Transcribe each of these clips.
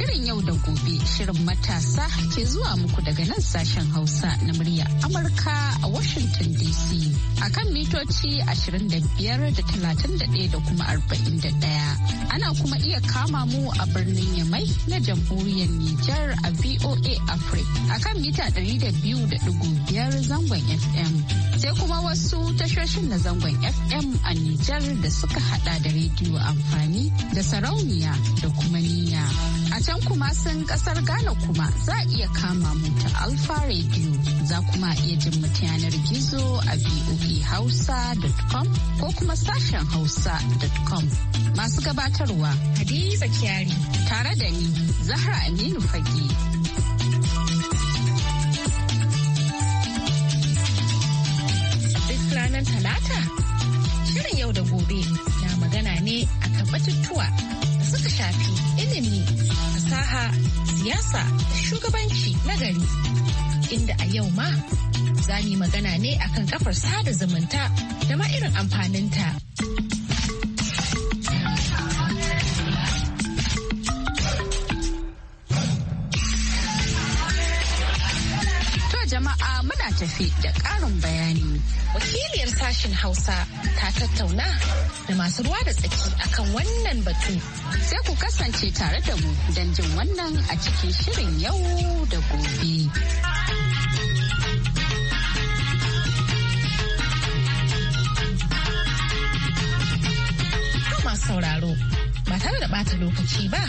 Shirin yau da gobe shirin matasa ke zuwa muku daga nan sashen Hausa na murya Amurka a Washington DC a kan mitoci 25 da kuma 41. Ana kuma iya kama mu a birnin Yamai na jamhuriyar Nijar a VOA Africa a kan mita 200.5 zangon FM. sai kuma wasu tashoshin na zangon FM a Nijar da suka hada da rediyo amfani da sarauniya da kuma niyya. can kuma sun kasar Ghana kuma za a iya kama mu ta Alfa Radio. Za kuma iya jin mu yanar gizo a voahausa.com ko kuma sashen hausa.com. Masu gabatarwa Hadiza Kyari tare da ni Zahra Aminu Fage. ranar Talata? Shirin yau da gobe na magana ne akan batutuwa da suka shafi ilimi fasaha siyasa shugabanci na gari inda a yau ma za mu yi magana ne akan kafar sada zumunta da ma irin amfaninta. jama'a muna tafi da ƙarin bayani. wakil sashen Hausa ta tattauna da masu ruwa da tsaki akan wannan batu. Sai ku kasance tare da mu don jin wannan a cikin shirin yau da gobe. sauraro ba tare da ɓata lokaci ba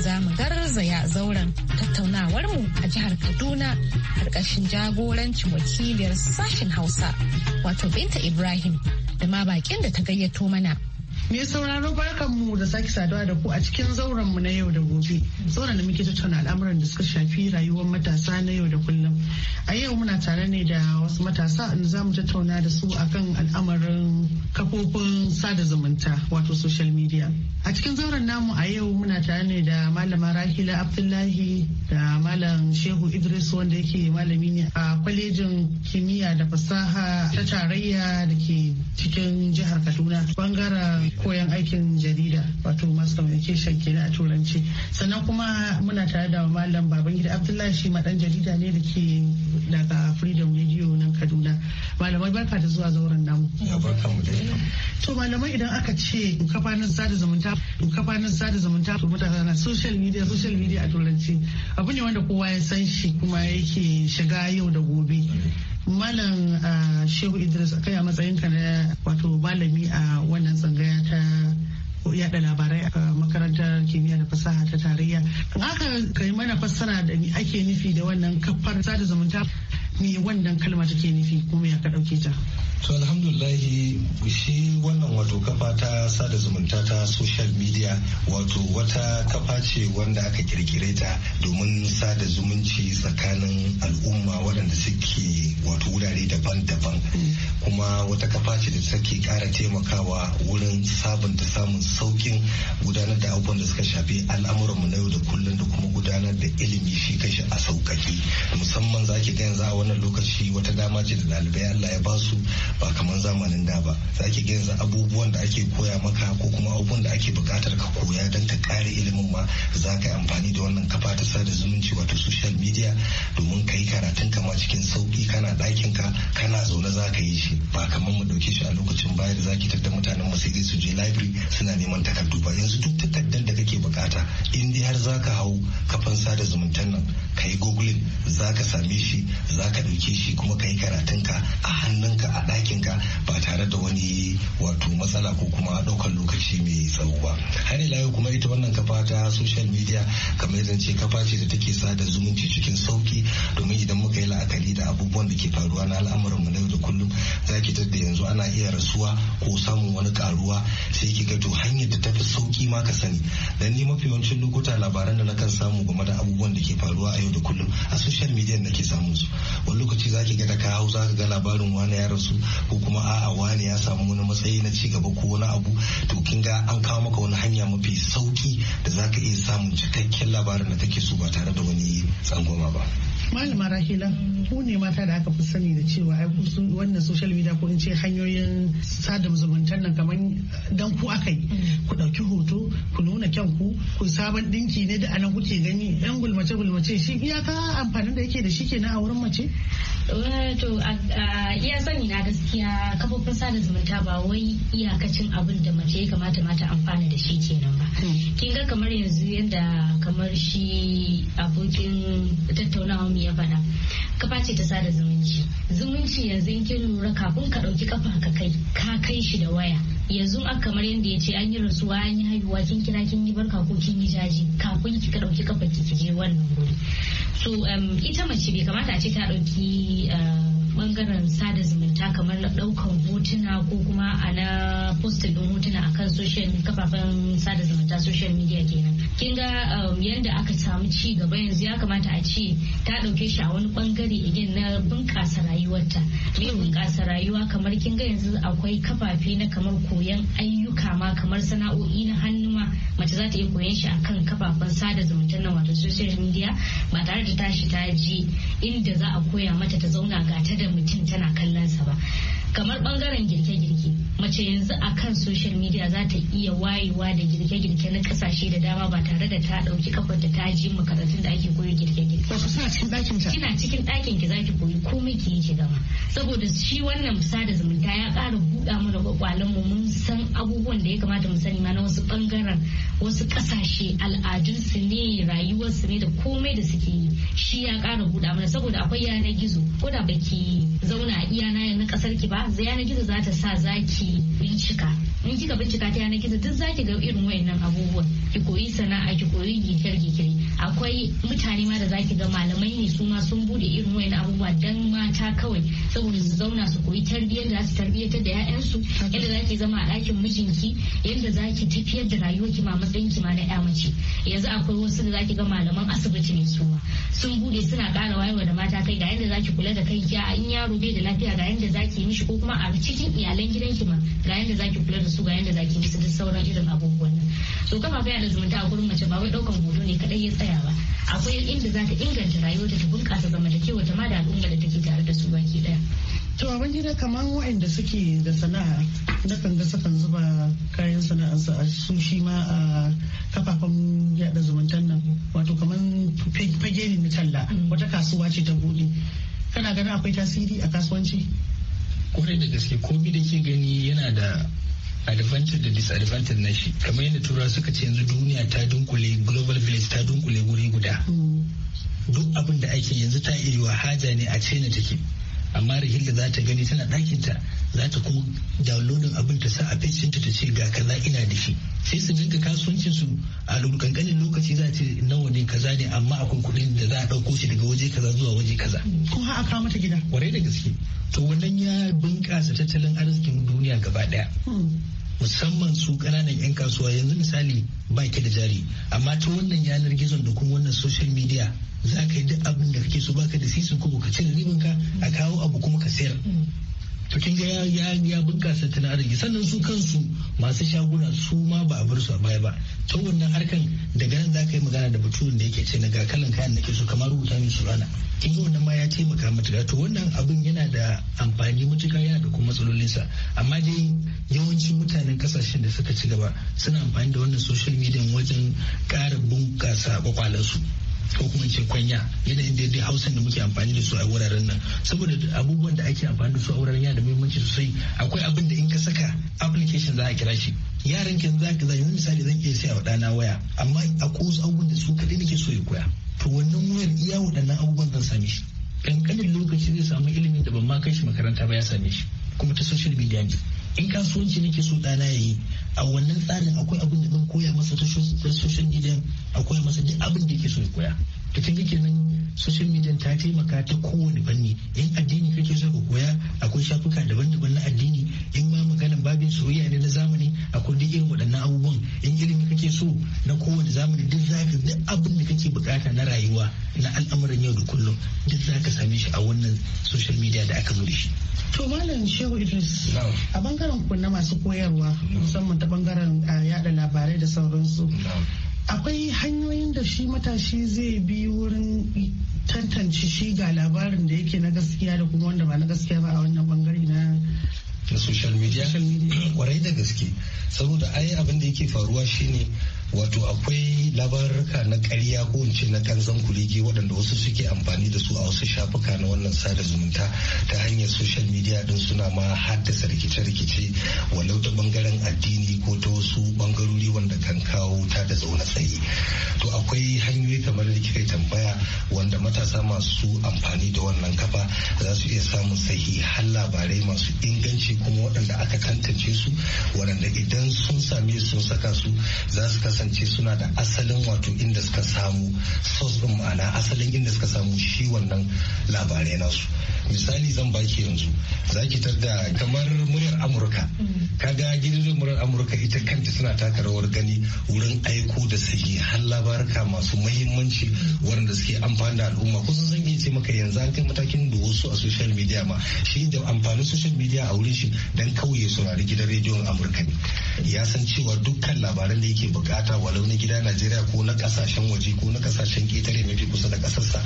za mu garzaya zauren tattaunawarmu a jihar Kaduna karkashin jagorancin wakiliyar sashen Hausa wato Binta Ibrahim da ma bakin da ta gayyato mana. Me sauraro mu da sake saduwa da ku a cikin zauren mu na yau da gobe. Zauren da muke tattauna al'amuran da suka shafi rayuwar matasa na yau da kullum. A yau muna tare ne da wasu matasa in za mu tattauna da su akan al'amarin kafofin sada zumunta wato social media. A cikin zauren namu a yau muna tare ne da malama Rahila Abdullahi da malam Shehu Idris wanda yake malami ne a kwalejin kimiyya da fasaha ta tarayya da ke cikin jihar Kaduna bangaren koyan aikin jarida wato mass communication kenan a turanci sannan kuma muna tare da malam babangida abdullahi shi ma dan jarida ne da ke daga freedom radio nan kaduna malamai barka da zuwa zauren namu to malamai idan aka ce kafanin sada zumunta kafanin sada zumunta to mutane social media social media a turanci abu ne wanda kowa ya san shi kuma yake shiga yau da gobe Malam ah, Shehu Idris kai a matsayin ka na wato malami a wannan tsangaya ta yada labarai a makarantar kimiyya da fasaha ta tarayya. Aka kai mana fassara da ake nufi da wannan kafar sada zumunta me wannan kalma take nufi ko me aka dauke ta. to alhamdulillahi shi wannan wato kafa ta sada zumunta ta social media wato wata kafa ce wanda aka kirkire ta domin sada zumunci tsakanin al'umma waɗanda suke wato wurare daban-daban kuma wata kafa ce da take kara taimakawa wurin sabunta samun saukin gudanar da abubuwan da suka shafi al'amuranmu na yau da kullum da kuma gudanar da ilimi shi kashi a sauƙaƙe musamman za ki ga yanzu a wannan lokaci wata dama ce da ɗalibai Allah ya basu ba kamar zamanin da ba za ki yanzu abubuwan da ake koya maka ko kuma abubuwan da ake buƙatar ka koya don ka ƙare ilimin ma za ka yi amfani da wannan kafa ta sada zumunci wato social media domin ka yi karatun ma cikin sauƙi kana ɗakin ka kana zaune za ka yi shi ba kamar mu ɗauke shi a lokacin baya da za ki tattara mutanen mu sai su je library suna neman takardu ba yanzu duk takardar da kake buƙata in dai har za ka hau kafan sada zumuntan nan ka yi googling za ka same shi za ka ka ɗauke shi kuma ka yi karatun ka a hannun ka a ɗakinka ba tare da wani wato matsala ko kuma ɗaukar lokaci mai tsawo ba har ila yau kuma ita wannan kafa ta social media kamar yadda ce kafa ce da take sa da zumunci cikin sauki domin idan muka yi la'akari da abubuwan da ke faruwa na al'amuran mu na yau da kullum za ki tadda yanzu ana iya rasuwa ko samun wani karuwa sai ki ga to hanyar da tafi sauki ma ka sani dan ni mafi yawancin lokuta labaran da nakan samu game da abubuwan da ke faruwa a yau da kullum a social media ke samun su wani lokaci za ki ga da ka hau za ka ga labarin wani ya rasu ko kuma a'a wani ya samu wani matsayi na ci gaba ko wani abu to kin ga an kawo maka wani hanya hanya mafi sauki da za ka iya samun cikakken labarin da take so ba tare da wani tsangoma ba. Malama Rahila, ku ne mata da aka fi sani da cewa ai wannan social media ko in ce hanyoyin sada zumunta nan kamar dan ku aka yi. Ku ɗauki hoto, ku nuna kyanku, ku sabon ɗinki ne da anan kuke gani ɗan gulmace gulmace shi iyaka amfanin da yake da shi kenan a wurin mace? Eh, to, iya sani na gaskiya kafa kafofin sada zumunta ba wai iyakacin abin da mace ya kamata mata amfana da shi kenan ba hmm. kin ga kamar yanzu yadda kamar shi abokin tattaunawa mu ya faɗa kafa ce ta sada zumunci zumunci yanzu kin lura kafin ka ɗauki kafa ka kai ka kai shi da waya yanzu a kamar yadda ya ce an yi rasuwa an yi haihuwa kin kira kin yi barka ko kin yi jaji kafin ki ka ɗauki kafa ki je wannan guri so ita mace bai kamata a ce ta ɗauki eh, bangaren sada zumunta kamar daukan hotuna ko kuma a na postin din hotuna akan social kafafen sada zumunta social media kenan kin ga um, yadda aka samu ci gaba yanzu ya kamata a ce ta dauke shi a wani bangare igin na bunkasa rayuwarta me bunkasa rayuwa kamar kin ga yanzu akwai kafafe na kamar koyan ayyuka ma kamar sana'o'i na hannu ma mace za ta iya koyan shi akan kafafen sada zumunta na wato social media ba tare da tashi ta je inda za a koya mata ta zauna ga ta da da mutum tana kallon sa ba kamar bangaren girke-girke mace yanzu a kan social media za ta iya wayewa da girke-girke na kasashe da dama ba tare da ta ɗauki kafar da ta ji makarantun da ake koyo girke-girke wato sa cikin ɗakin ta kina cikin ɗakin ki zaki koyi komai ki yi gama saboda shi wannan sada zumunta ya ƙara buɗa mana kwakwalen mu mun san abubuwan da ya kamata mu sani ma na wasu bangaren wasu ƙasashe al'adun su ne rayuwar su ne da komai da suke yi shi ya ƙara buɗa mana saboda akwai yanar gizo ko da baki zauna iya na ƙasar ki ba yanar gizo za ta sa zaki bincika in kika bincika ta yanar gizo duk zaki ga irin wayannan abubuwan ki koyi sana'a ki koyi gikir gikiri akwai mutane ma da zaki ga malamai ne su ma sun bude irin wayannan abubuwa dan mata kawai saboda su zauna su koyi tarbiyyar da su tarbiyyatar da 'ya'yansu yadda zaki zama a ɗakin mijinki yadda zaki tafiyar da rayuwarki ma matsayin ki ma na ƴa mace yanzu akwai wasu da zaki ga malaman asibiti ne su sun bude suna kara wayewa da mata kai ga yadda zaki kula da kai a in yaro bai da lafiya ga yadda zaki mishi ko kuma a cikin iyalan gidanki ma ga yadda zaki kula da su su ga yadda zaki musu da sauran irin abubuwan nan kafa kafafen yada zumunta a gurin mace ba wai daukan hoto ne kadai ya tsaya ba akwai inda zata inganta rayuwarta ta bunƙasa zamantakewa ta ma da al'umma da take tare da su baki daya To abin gida kamar da suke da sana'a na ga sukan zuba kayan sana'arsu a su shi ma a kafafen yada zumuntan nan wato kamar fage ne na talla mm. wata kasuwa ce ta buɗe kana ganin akwai tasiri a kasuwanci kwarai da gaske komi da ke gani yana da advantage da disadvantage na shi kamar yadda tura suka ce yanzu duniya ta dunkule global village ta dunkule wuri guda duk abin da ake yanzu ta wa haja ne a na take amma da za ta gani tana ɗakinta za ta kuma downloading abin ta sa a fesinta ta ce ga kaza ina da shi sai su dinka kasuwancin su a kankanin lokaci za ta nawa ne kaza ne amma akwai kuɗin da za a ɗauko shi daga waje kaza zuwa waje kaza. ko har kawo mata gida. kwarai da gaske to wannan ya bunƙasa tattalin arzikin duniya gaba ɗaya. Hmm. musamman su kananan 'yan kasuwa yanzu misali ba ki da jari amma ta wannan yanar gizon da kuma wannan social media za ka yi duk abin da kake so baka da sisi ko ka cire ribanka a kawo abu kuma ka sayar to kin ga ya ya bunkasa tana arziki sannan su kansu masu shaguna su ma ba a bar su a baya ba ta wannan harkan daga nan za ka yi magana da mutumin da yake ce na ga kalan kayan da ke so kamar rubuta min su rana kin ga wannan ma ya taimaka matuƙa to wannan abin yana da amfani matuƙa yana da kuma matsalolinsa amma dai yawancin mutanen kasashen da suka ci gaba suna amfani da wannan social media wajen ƙara bunkasa su. ko kuma ce kwanya yanayin da dai hausan da muke amfani da su a wuraren nan saboda abubuwan da ake amfani da su a wuraren yana da muhimmanci sosai akwai abin da in ka saka application za a kira shi yaran na za ka zai misali zan iya saya wa ɗana waya amma a wasu abubuwan da su kaɗai nake so ya koya to wannan wayar iya waɗannan abubuwan zan same shi kankanin lokaci zai samu ilimin da ban ma kai shi makaranta ba ya same shi kuma ta social media ne in kasuwanci nake so dana yi, a wannan tsarin akwai abin da zan koya masa ta social media akwai masa duk abin da yake so ya koya to kin nan social media ta taimaka ta kowane fanni in addini kake so ka koya akwai shafuka daban-daban na addini in ma maganan babin soyayya ne na zamani akwai duk irin waɗannan abubuwan in ilimi kake so na kowane zamani duk zaka duk abin da kake bukata na rayuwa na al'amuran yau da kullum duk zaka same shi a wannan social media da aka zuri shi to malam shehu idris a bangaren ku na masu koyarwa musamman ta bangaren eh, yada labarai da sauransu akwai hanyoyin da shi matashi zai bi wurin tantance shi ga labarin da yake na gaskiya da kuma wanda ba na gaskiya ba a wannan bangare na social media kwarai da gaske saboda ai abin da yake faruwa shine wato akwai labaruka na karya ko in na kanzan kuligi waɗanda wasu suke amfani da su a wasu shafuka na wannan sada zumunta ta hanyar social media don suna ma haddasa rikice-rikice walau ta bangaren addini ko ta wasu bangarori wanda kan kawo ta da zaune tsaye to akwai hanyoyi kamar da kika tambaya wanda matasa masu amfani da wannan kafa za su iya samun sahihan labarai masu inganci kuma waɗanda aka tantance su waɗanda idan sun same sun saka su za su kasance suna da asalin wato inda suka samu source din ma'ana asalin inda suka samu shi wannan labarai nasu misali zan baki yanzu za zaki da kamar muryar amurka mm. kaga gidan muryar amurka ita kanta suna taka rawar gani wurin aiko da suke har labarka masu mahimmanci waɗanda suke amfani da al'umma kusan zan iya ce maka yanzu an kai matakin da wasu a social media ma shi da amfanin social media a wurin shi dan kauye saurari gidan rediyon amurka ne ya san cewa dukkan labaran da yake bukata wa na gida najeriya ko na kasashen waje ko na kasashen ketare mafi kusa da kasarsa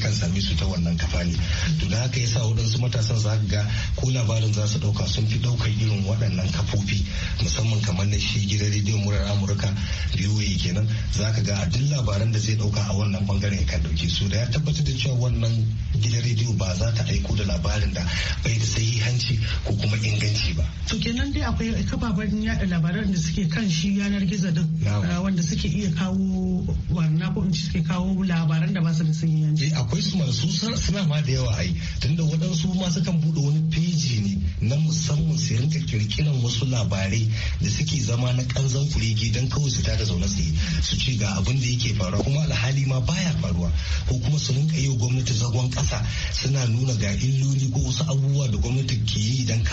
kan same su ta wannan kafa ne to da haka yasa waɗansu matasan za ga ko labarin za su ɗauka sun fi ɗaukar irin waɗannan kafofi musamman kamar na shi gidan rediyon murar amurka biyoyi kenan za ka ga a duk labaran da zai ɗauka a wannan bangaren kan ɗauke su da ya tabbatar da cewa wannan gidan rediyo ba za ta aiko da labarin da bai da sahihanci ko kuma inganci ba. to kenan dai akwai kababen yaɗa labaran da suke kan shi yanar gizo din ah, wanda suke iya kawo wannan ko suke kawo labaran da ba su da sanyi eh, akwai su masu suna ma da yawa ai tunda waɗansu ma kan buɗe wani feji ne na musamman su rinka kirkiran wasu labarai da suke zama na kanzan kurege don kawai su tada zaune su su ce ga abin da yake faruwa kuma alhali ma baya faruwa ko kuma su rinka yi gwamnati zagon kasa suna nuna ga illoli ko wasu abubuwa da gwamnati ke yi don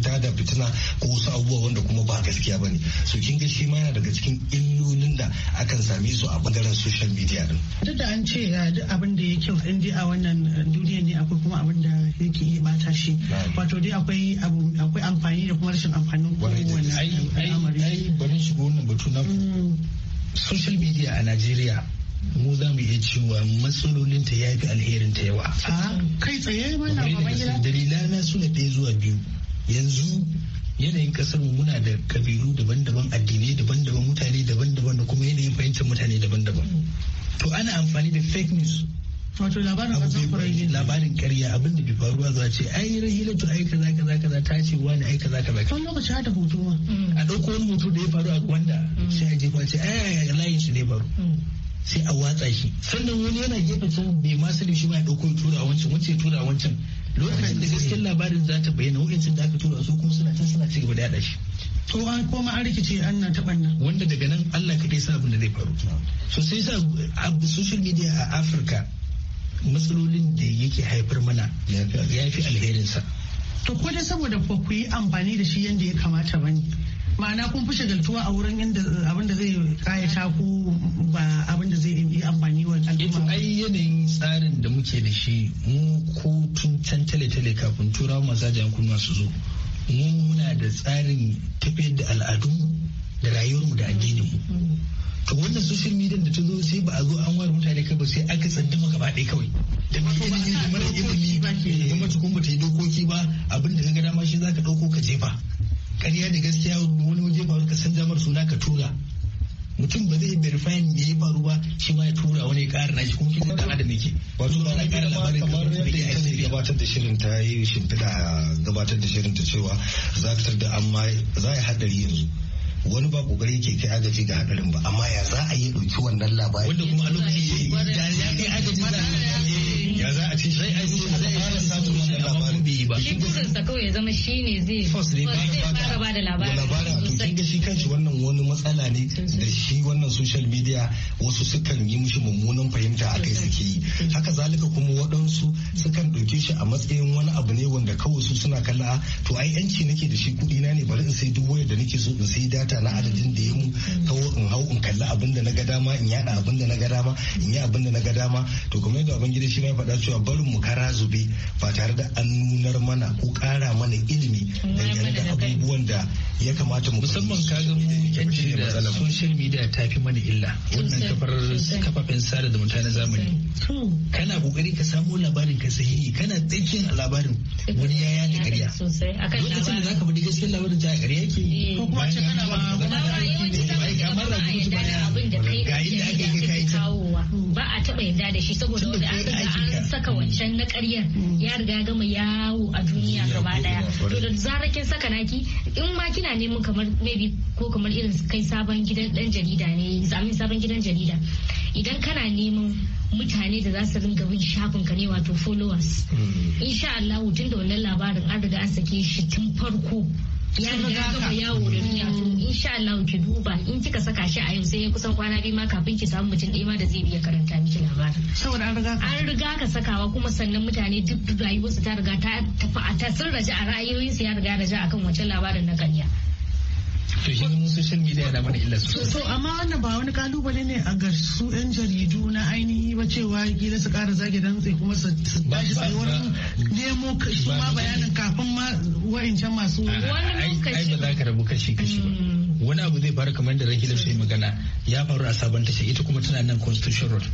tada fitina ko wasu abubuwa wanda kuma ba gaskiya bane su kin ga shi ma yana daga cikin illolin da akan same su a bangaren social media din duk da an ce duk abin da ya kyau in dai a wannan eh, duniya ne akwai kuma abin da yake iya bata shi wato dai akwai abu akwai amfani da kuma rashin amfanin kowanne al'amari ai bari shigo wannan batu na mm. social media a Najeriya mu za mu iya cewa matsalolinta ya fi ta yawa. Ah, kai tsaye mana baban gida? Dalilana suna ɗaya zuwa biyu. Yanzu yanayin kasar muna da kabilu daban-daban addinai daban-daban mutane daban-daban da kuma yanayin fahimtar mutane daban-daban to ana amfani da fake news wato labarin labarin karya abin da bai faruwa za ce ai rahila to ai kaza kaza kaza ta ce wani ai kaza kaza To lokaci da hoto ma a dauko wani hoto da ya faru a wanda mm. sai a jefa ce ai layin shi ne faru mm. sai a watsa shi sannan wani yana gefe can bai ma sani shi ma ya dauko tura a wancan ya tura a wancan lokacin da gaskiyar labarin za ta bayyana wa'ancin da aka tura su kuma suna can suna cigaba da yada shi to an koma an rikice an na taɓa nan wanda daga nan Allah kaɗai sa abin da zai faru so sai sa social media a Afirka matsalolin da yake haifar mana ya fi alherinsa to ko dai saboda ba ku yi amfani da shi yadda ya kamata ba ne ma'ana kun fi shagaltuwa a wurin inda abin da zai kayata ku ba abin da zai yi amfani wa al'umma ba. ai yanayin tsarin da muke da shi mu ko tun can tale-tale kafin turawa da kunwa su zo mu muna da tsarin tafiyar da al'adun da rayuwarmu da addinin mu to wannan social media da ta zo sai ba a zo an ware mutane kai ba sai aka maka gaba ɗaya kawai da ba ta yi ta yi dokoki ba abin da ga dama shi ka ɗauko ka jefa ƙarya da gaskiya wani waje ba ka san damar suna ka tura mutum ba zai verifying da ya faru ba shi ma ya tura wani ƙarin shi kuma kin da adam yake wato ba na ƙara labarin kamar yadda ita ne gabatar da shirin ta yi shimfiɗa gabatar da shirin ta cewa za ta da amma za a yi haɗari yanzu wani ba kokari ke kai agaji ga hadarin ba amma ya za a yi dauki wannan labari wanda kuma a lokacin ya kai agaji ya za a ce sai a ce zai fara samun wannan labarin bai ba likurin sa kawai ya zama ne zai first ne fara ba da labarin labarin to kin ga shi kanshi wannan wani matsala ne da shi wannan social media wasu sukan yi mishi mummunan fahimta a kai suke yi haka zalika kuma waɗansu sukan ɗauke shi a matsayin wani abu ne wanda kawai su suna kalla ah, to ai yanci nake da shi kuɗi na ne bari in sai duk wayar da nake so in sai data bukata na adadin da ya mu kawo in hau in kalli abin da na ga dama in yada abin da na ga dama in yi abin da na ga dama to kuma yadda abin gida shi ma faɗa cewa barin mu kara zube ba tare da an nunar mana ko kara mana ilimi dangane da abubuwan da ya kamata mu musamman ka ga mu yan da social media ta fi mana illa wannan kafar kafafen sada da mutane zamani kana kokari ka samu labarin ka sahihi kana tsakin labarin wani ya yaɗa ƙarya lokacin da ka bi gaskiyar labarin ta ƙarya ke eh. ko kuma ce kana ba ba a taba yarda da shi saboda wani an riga an saka wancan na karyar ya riga gama yawo a duniya gaba daya to da zarar kin saka naki in ma kina neman kamar maybe ko kamar irin kai sabon gidan dan jarida ne zamin sabon gidan jarida idan kana neman mutane da za su ringa bin shafin ka ne wato followers insha Allah tun da wannan labarin an riga an sake shi tun farko ya riga gama yawo da duniya mm. insha Allah ki duba in kika saka shi a yau sai kusan kwana biyu ma kafin ki samu mutum ɗaya ma da zai biya karanta miki labarin saboda an riga an riga ka sakawa kuma sannan mutane duk rayuwarsu ta riga ta tafi a ta a ra'ayoyinsu ya riga raja akan wancan labarin na ƙarya to shi social media yana mana illa sosai to amma wannan ba wani kalubale ne a ga su yan jaridu na ainihi ba cewa kila su kara zage dantse kuma su tashi wani nemo su ma bayanin kafin ma wa'ancan masu wani ai ba za ka rabu kashi kashi ba hmm. wani abu zai faru kamar da da sai magana ya faru a sabon tasha ita kuma tana nan constitution road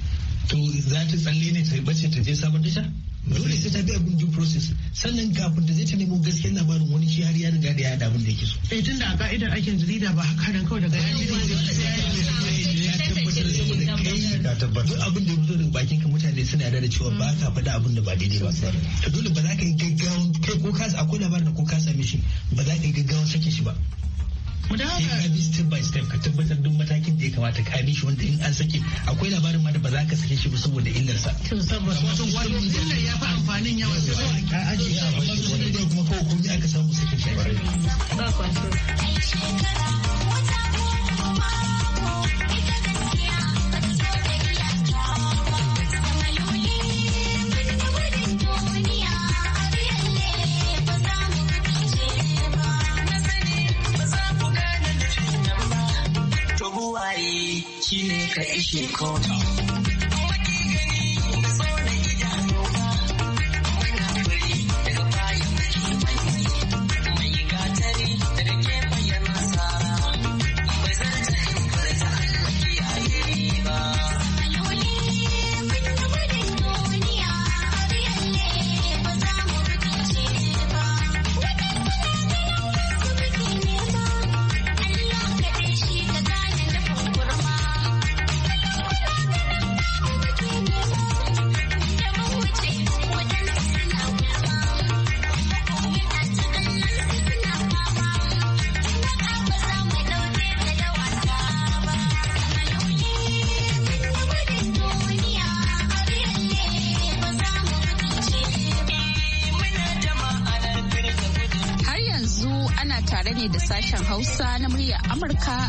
to za ta tsalle ne ta bace ta je sabon tasha dole sai ta biya gundin process sannan kafin da zai ta nemo gaskiyar labarin wani shi har ya riga da ya da abin da yake so. Eh tunda a ka'idar aikin jarida ba haka nan kawai daga yanzu ya tabbatar saboda tabbatar duk abin da ya fito daga bakin ka mutane suna yarda da cewa ba ka faɗa abin da ba daidai ba. To dole ba za ka yi gaggawan kai ko kasa akwai labarin da ko kasa same shi ba za ka yi gaggawan sake shi ba. mu da bi step by step ka tabbatar duk matakin da ya kamata ka bi shi wanda in an sake akwai labarin ma da ba za ka sake shi ba saboda illar sa to saboda wato wato illar ya fi amfanin yawa sai a aje a wani da kuma kawai kun aka samu sake shi ba ba 可以一起哭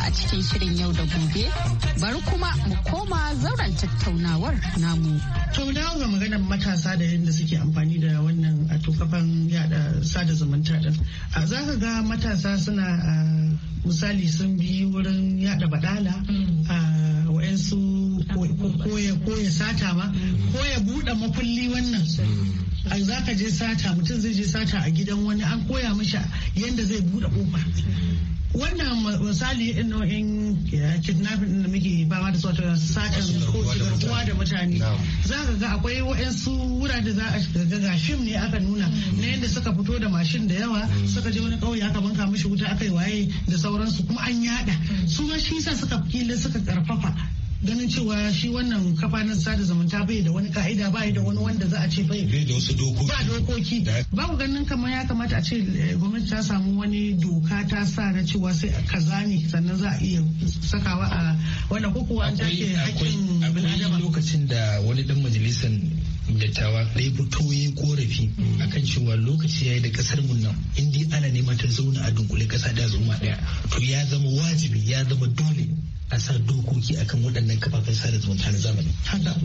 a cikin shirin yau da gobe bari kuma mu koma zauren tattaunawar namu. To dawo ga maganar matasa da yadda suke amfani da wannan a tukafan yada sada zumunta din. A za ka ga matasa suna misali sun bi wurin yada badala a wa'ansu ko ya sata ma ko buɗe makulli wannan. za ka je sata mutum zai je sata a gidan wani an koya mashi yadda zai buɗe ƙofa wannan misali nau'in eh, kidnapping da muke ba ma da sautar satan ko garkuwa da mutane za ka ga akwai waɗansu wurare da za a shiga ga fim ne aka nuna na yadda suka fito da mashin da yawa suka je wani ƙauye aka banka mishi wuta aka yi waye da sauransu kuma an yada su ma shi sa suka kila suka karfafa ganin cewa shi wannan kafa na sada zumunta bai da wani ka'ida ba da wani wanda za a ce bai da wasu dokoki ba dokoki ba ku ganin kamar ya kamata a ce eh, gwamnati ta samu wani doka ta sa na cewa sai kaza ne sannan za a iya sakawa a wannan ko kuwa an take hakkin bil'adama lokacin da wani dan majalisan dattawa ɗaya fito ya korafi mm. akan cewa lokaci ya yi da kasar mu nan in ana neman ta zauna a dunkule kasa da zuma ɗaya to ya zama wajibi ya zama dole a sa dokoki akan waɗannan kafafen sada zumunta na zamani haka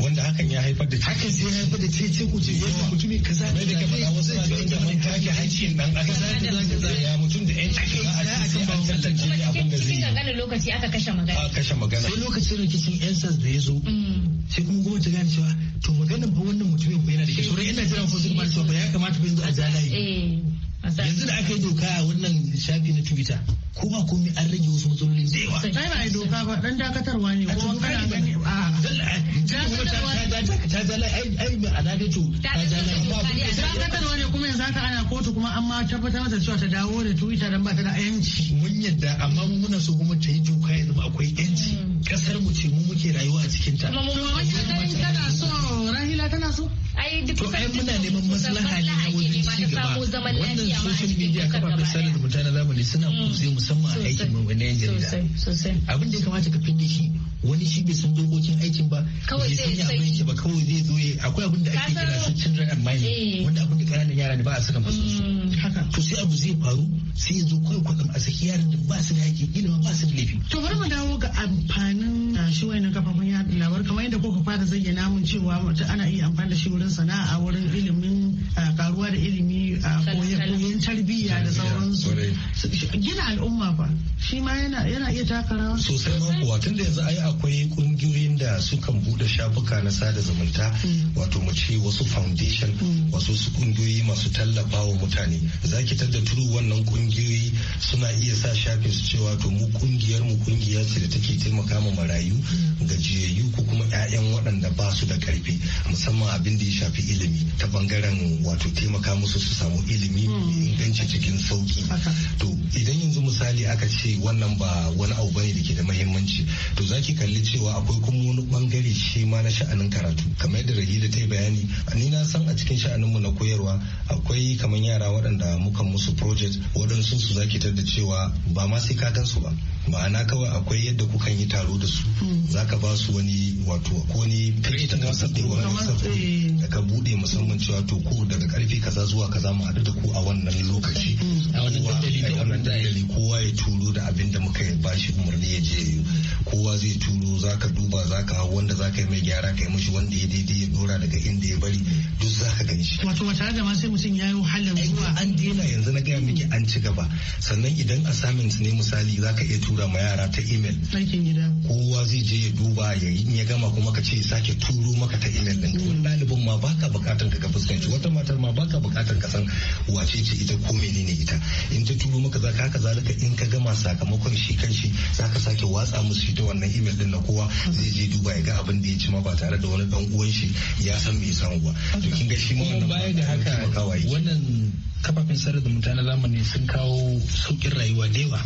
wanda hakan ya haifar da hakan sai ya haifar da cece ku ce yadda mutumi kaza da da kamar wasu na ganin kamar take haƙƙin dan adam kaza da ya mutum da yanci kaza a cikin an tantance ne abin da zai yi cikin lokaci aka kashe magana aka kashe magana sai lokacin rikicin yan sas da ya zo mm. sai kuma gwamnati ta gane cewa to maganar ba wannan mutumin ba yana da kyau sauran ina jiran ko su ba cewa ba ya kamata ba yanzu a jalaye eh. yanzu da aka yi doka a wannan shafi na twitter ko ba komai an rage wasu matsalolin da yawa sai ba doka ba dan dakatarwa ne ko kana gani a dakatarwa ta zala ai ba ana da to ta zala ba ne kuma yanzu haka ana kotu kuma an ma tabbatar da cewa ta dawo da twitter dan ba ta da yanci mun yadda amma mun muna so kuma ta yi kowa ya zama akwai yanci kasar mu ce mu muke rayuwa a cikin ta tana so rahila tana so ai duk ai muna neman maslaha ne na wajen ci gaba wannan social media kafafen sada mutane na zamani suna kuze mm. musamman aikin mu wani yan jarida abin da ya kamata ka fidda shi wani shi bai san dokokin aikin ba kawai zai sanya abin ba kawai zai zo akwai abin da ake kira su cin and mind eh. wanda abin da ƙananan yara ne ba a saka su. Mm. haka to sai abu zai faru sai ya zo kawai kwadam a saki yaran da ba su da haƙƙi ilimi ba su da laifi to bari mu dawo ga amfanin ah, shi wayannan kafafen yaɗa labar kamar yadda kuka fara zayyana mun cewa ana iya amfani da shi wurin sana'a wurin ilimin ah, karuwa da ilimi koyon tarbiyya da sauransu gina al'umma ba shi ma yana iya taka rawa sosai ma kuwa tun da yanzu ai akwai kungiyoyin da sukan buɗe shafuka na sada zumunta mm. wato mu ce wasu foundation mm. wasu su kungiyoyi masu tallafa wa mutane zaki tadda turu wannan ƙungiyoyi suna iya sa shafin su cewa to mu kungiyar mu kungiyar su da take taimaka ma marayu mm. gajiyayyu ko kuma ƴaƴan waɗanda ba su da karfi musamman abin da ya shafi ilimi ta bangaren wato taimaka musu su samu ilimi mai hmm. inganci cikin sauki to idan yanzu misali aka ce wannan ba wani abu bane da ke da mahimmanci to zaki kalli cewa akwai kuma wani bangare shi ma na sha'anin karatu kamar yadda rahila ta yi bayani ni na san a cikin sha'aninmu na koyarwa akwai kamar yara waɗanda mukan musu project waɗansu su zaki da cewa ba ma sai ka su ba ma'ana kawai akwai yadda kukan yi taro da su hmm. zaka ba su wani wato ko ni eh. da ka buɗe musamman cewa to ko daga karfe kaza zuwa kaza za mu haɗu da ku a wannan lokaci a wannan dandali kowa ya turo da abin da muka ba shi umarni ya je kowa zai turo za ka duba za ka hau wanda za ka yi mai gyara ka yi mashi wanda ya daidai ya dora daga inda ya bari duk za ka gani shi wato ba tare da ma sai mutum ya yi wahalar zuwa an daina yanzu na gaya miki an ci gaba sannan idan assignment ne misali za ka iya tura ma yara ta email kowa zai je ya duba ya yi ya gama kuma ka ce sake turo maka ta email din wani ɗalibin ma baka bukatar ka fuskanci wata matar ma baka bukatar ka san wace ce ita ko menene ita in ta turo maka zaka haka zalika in ka gama sakamakon shi kan shi zaka sake watsa musu ita wannan email din na kowa zai je duba ya ga abin da ya ci ma ba tare da wani dan uwan shi ya san me samu ba to kin shi ma wannan da haka wannan kafafen sarrafa da mutane zamani sun kawo saukin rayuwa da yawa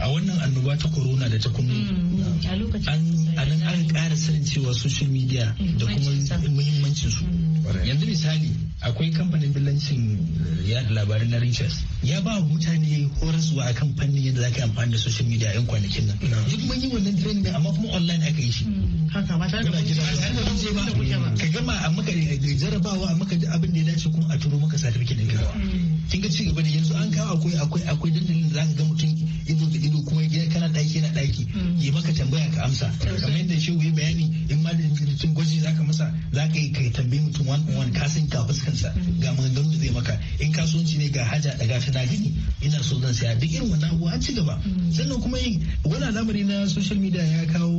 a wannan annoba ta corona da ta kunu hmm, an an ƙara sanin cewa social media da hmm, kuma muhimmancin su hmm. yanzu misali akwai kamfanin billancin eh, yada labarin na Reuters ya ba mutane horaswa a kamfanin yadda za ka yi amfani da social media yan kwanakin nan duk mun yi wannan training amma kuma online aka yi shi hmm. haka ba tare da ka gama a maka eh, eh, jarabawa a maka abin da ya dace kuma a turo maka certificate din gawa hmm. kin ga cigaba ne yanzu an kawo akwai akwai akwai dandalin da zaka ga mutum ido da ido kuma kana daki yana daki hmm. ya maka tambaya ka amsa kamar yadda shehu ya bayani malamin da cikin gwaji zaka masa zaka yi kai tambayi mutum wani wani one ka fuskansa ga maganganun da zai maka in kasuwanci ne ga haja da gafi na gani ina so zan saya duk irin wannan abubuwa an ci gaba sannan kuma yin wani al'amari na social media ya kawo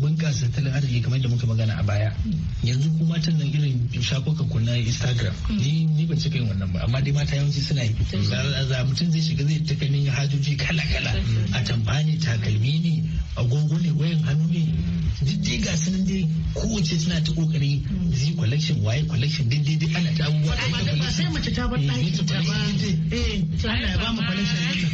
bunƙasa tattalin arziki kamar da muka magana a baya yanzu kuma can nan irin shafukan ku na Instagram ni ni ban cika yin wannan ba amma dai mata yawanci suna yi za mutum zai shiga zai ta kanin hajoji kala kala mm. a tambani takalmi ne agogo ne wayan hannu ne jijji ga su nan dai kowace suna ta kokari zi collection waye collection din dai dai ana ta abubuwa da ba sai mace ta bar eh, ɗakin ta ba eh Allah ba mu collection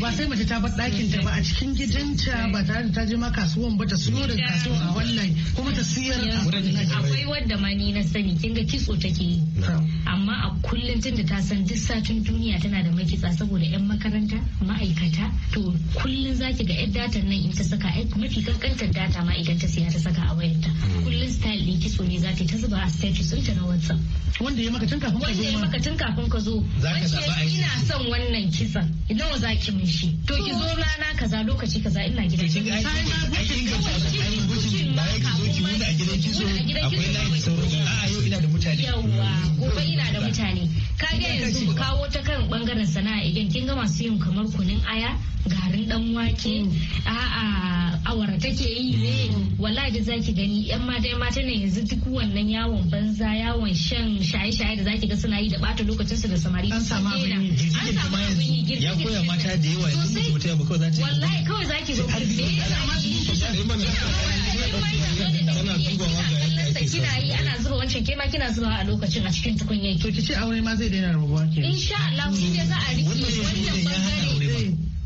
ba sai mace ta bar ɗakin ta ba a cikin gidanta ba tare da ta je ma kasuwan ba ta siyo da kasuwan a wannan kuma ta siyar akwai wadda ma ni na sani kin ga kitso take yi amma a kullum tun ta san duk satin duniya tana da makitsa saboda yan makaranta ma'aikata to kullum zaki ga yan datan nan in ta saka mafi kankantar data ma'aikata. idan ta siya ta saka a wayarta hmm. kullum style din kitso ne za ta ta zuba a status ɗinta na WhatsApp wanda ya maka kafin ka zo wanda ya kafin ka zo ina son wannan kisan nawa za ki min shi to ki zo rana kaza lokaci kaza ina gidan ki ai ai ina da mutane yawa ina da mutane ka ga yanzu kawo ta kan bangaren sana'a idan kin ga masu yin kamar kunun aya garin dan wake hmm. a'a awara take yi ne wallahi da zaki gani yan mata mata ne yanzu duk wannan yawon banza yawon shan shaye-shaye da zaki ga suna yi da bata lokacin su da samari an samu abin yi girgin kuma yanzu ya koya mata da yawa yanzu mutum ta yaba kawai zaki wallahi kawai zaki zo tana dubawa ga yadda kina yi ana zuba wancan kema kina zuba a lokacin a cikin tukunyar to kici aure ma zai daina rabuwa ke insha Allah shi ne za a riƙe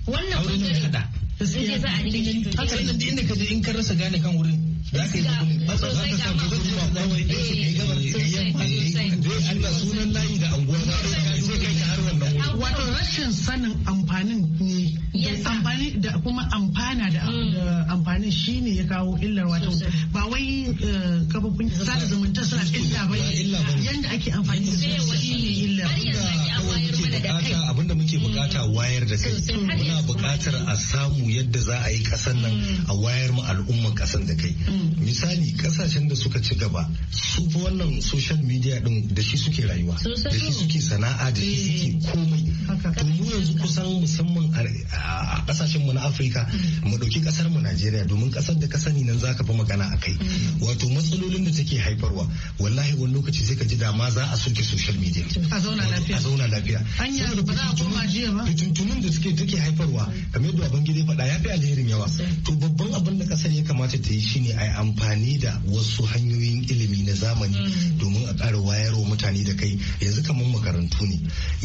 wannan bangare wannan bangare gaskiya haka nan da inda ka je in ka rasa gane kan wurin za ka yi da wato rashin sanin amfanin ne amfani da kuma amfana da mm. amfanin shine ya kawo illar wato ba wai eh, kafofin sada zumunta suna illa ba yanda ake amfani da su eh, shine illar abinda muke bukata wayar da kai muna bukatar a samu yadda za a yi kasan nan mm. a wayar mu al'umman kasan da kai mm. misali kasashen da suka ci gaba su fi wannan social media din da shi suke rayuwa da shi suke sana'a da shi suke eh. komai to mu yanzu kusan musamman a kasashen mu na Afirka mm. mu dauki kasar mu Najeriya domin kasar da ka sani nan zaka fa magana akai mm. wato matsalolin da take haifarwa wallahi wani lokaci sai ka ji dama za a soke social media a zauna lafiya a zauna lafiya anya ba za a koma jiya ba fitintunun da suke take haifarwa kamar yadda Babangida ya faɗa ya fi alherin yawa to babban abin da kasar ya kamata ta yi shine a a amfani da wasu hanyoyin ilimi na zamani mm. domin a ƙara wayarwa mutane da kai yanzu kamar makarantu ne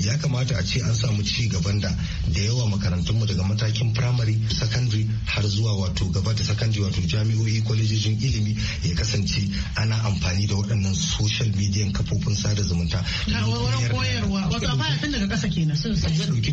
ya kamata a ce an samu ci gaban da da yawa makarantunmu daga matakin primary secondary har zuwa wato gaba da secondary wato jami'o'i kwalejojin ilimi ya kasance ana amfani da waɗannan social media kafofin sada zumunta.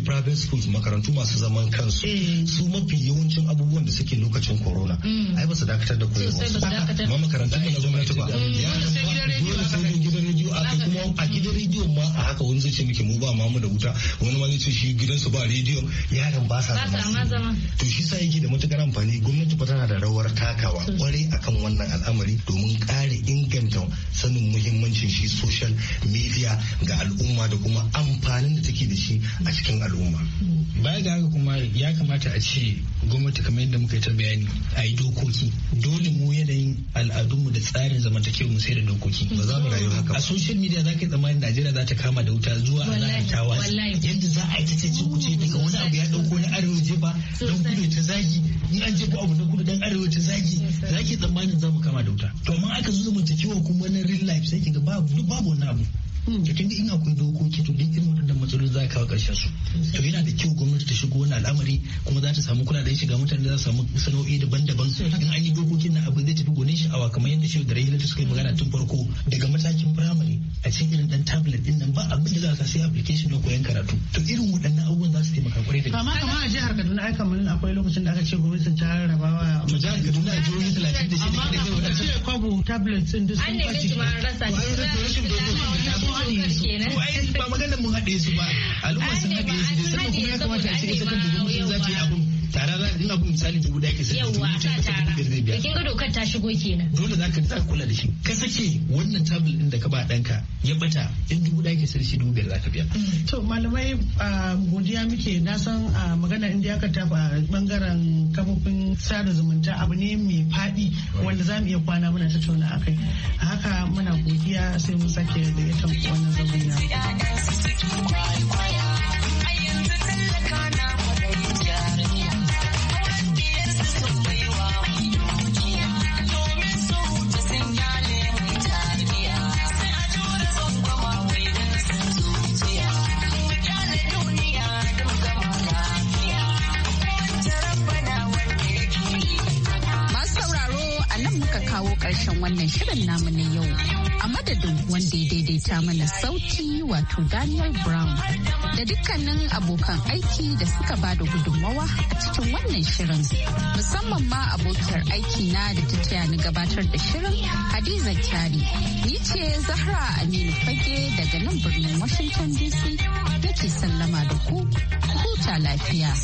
private schools makarantu masu zaman kansu eh. su mafi yawancin abubuwan da suke lokacin corona mm. ai ba su dakatar da koyarwa sai ba na ba mm, dole sai dai gidan rediyo a kuma a gidan rediyo ma a haka wani zai ce muke mu ba mamu da wuta wani ma zai ce shi gidansu ba rediyo yaran ba sa zama to shi sa yake da matukar amfani gwamnati ba tana da rawar takawa kwarai akan wannan al'amari domin kare inganta sanin muhimmancin shi social media ga al'umma da kuma amfanin da take da shi a cikin al'umma mm. baya ga haka kuma ya kamata a ce gwamnati kamar yadda muka yi ta bayani a yi dokoki dole mu yanayin al'adunmu da tsarin zamantakewa mu sai da dokoki ba za mu rayu haka a social media za ka yi tsammanin najeriya za ta kama da wuta zuwa a lalacewa yadda za a yi ta cece kuce daga wani abu ya dauko na arewa je ba don kudu ta zagi ni an je ba abu na kudu don arewa ta zagi za ki tsammanin za mu kama da wuta to amma aka zo zamantakewa kuma na real life sai ki ga babu babu wani abu hmm. to tunda in akwai dokoki to duk irin waɗannan matsalolin za ka kawo ƙarshen su to yana da kyau gwamnati ta shigo wani al'amari kuma za ta samu da ce ga mutane za su samu sana'o'i daban-daban in an yi dokokin na abin zai tafi gonin sha'awa kamar yadda shi da da suka yi magana tun farko daga matakin firamare a cikin irin dan tablet din nan ba abin da za su sai application na koyon karatu to irin waɗannan abubuwan za su taimaka kwarai da gaske amma kamar a jihar Kaduna ai kamar akwai lokacin da aka ce gwamnatin ta rarraba wa to jihar Kaduna a jihohi 36 da kai wadda ce kwabo tablet din duk sun bace an ne rasa ne ko ai ba maganar mun haɗe su ba al'umma sun haɗe su da sannan kuma ya kamata a ce ita kanta gwamnati za ta yi abin tara za in abun misali dubu daya ka sai yawa ta tara da kin ga dokar ta shigo kenan dole za ka za kula da shi ka sake wannan tabul din da ka ba danka ya bata in dubu daya ka sani shi dubu biyar za ka biya mm. to malamai godiya muke na san magana inda aka tafa bangaren kafofin sada zumunta abu ne mai faɗi wanda za mu iya kwana muna tattauna akai haka muna godiya sai mu sake da ya wannan zamani na wannan shirin namu na yau a madadin wanda ya daidaita mana sauti wato Daniel Brown da dukkanin abokan aiki da suka ba da gudunmawa a cikin wannan shirin musamman ma abokiyar aiki na da ta taya ni gabatar da shirin Hadiza Kyari ni ce Zahra Aminu Fage daga nan birnin Washington DC nake sallama da ku huta lafiya.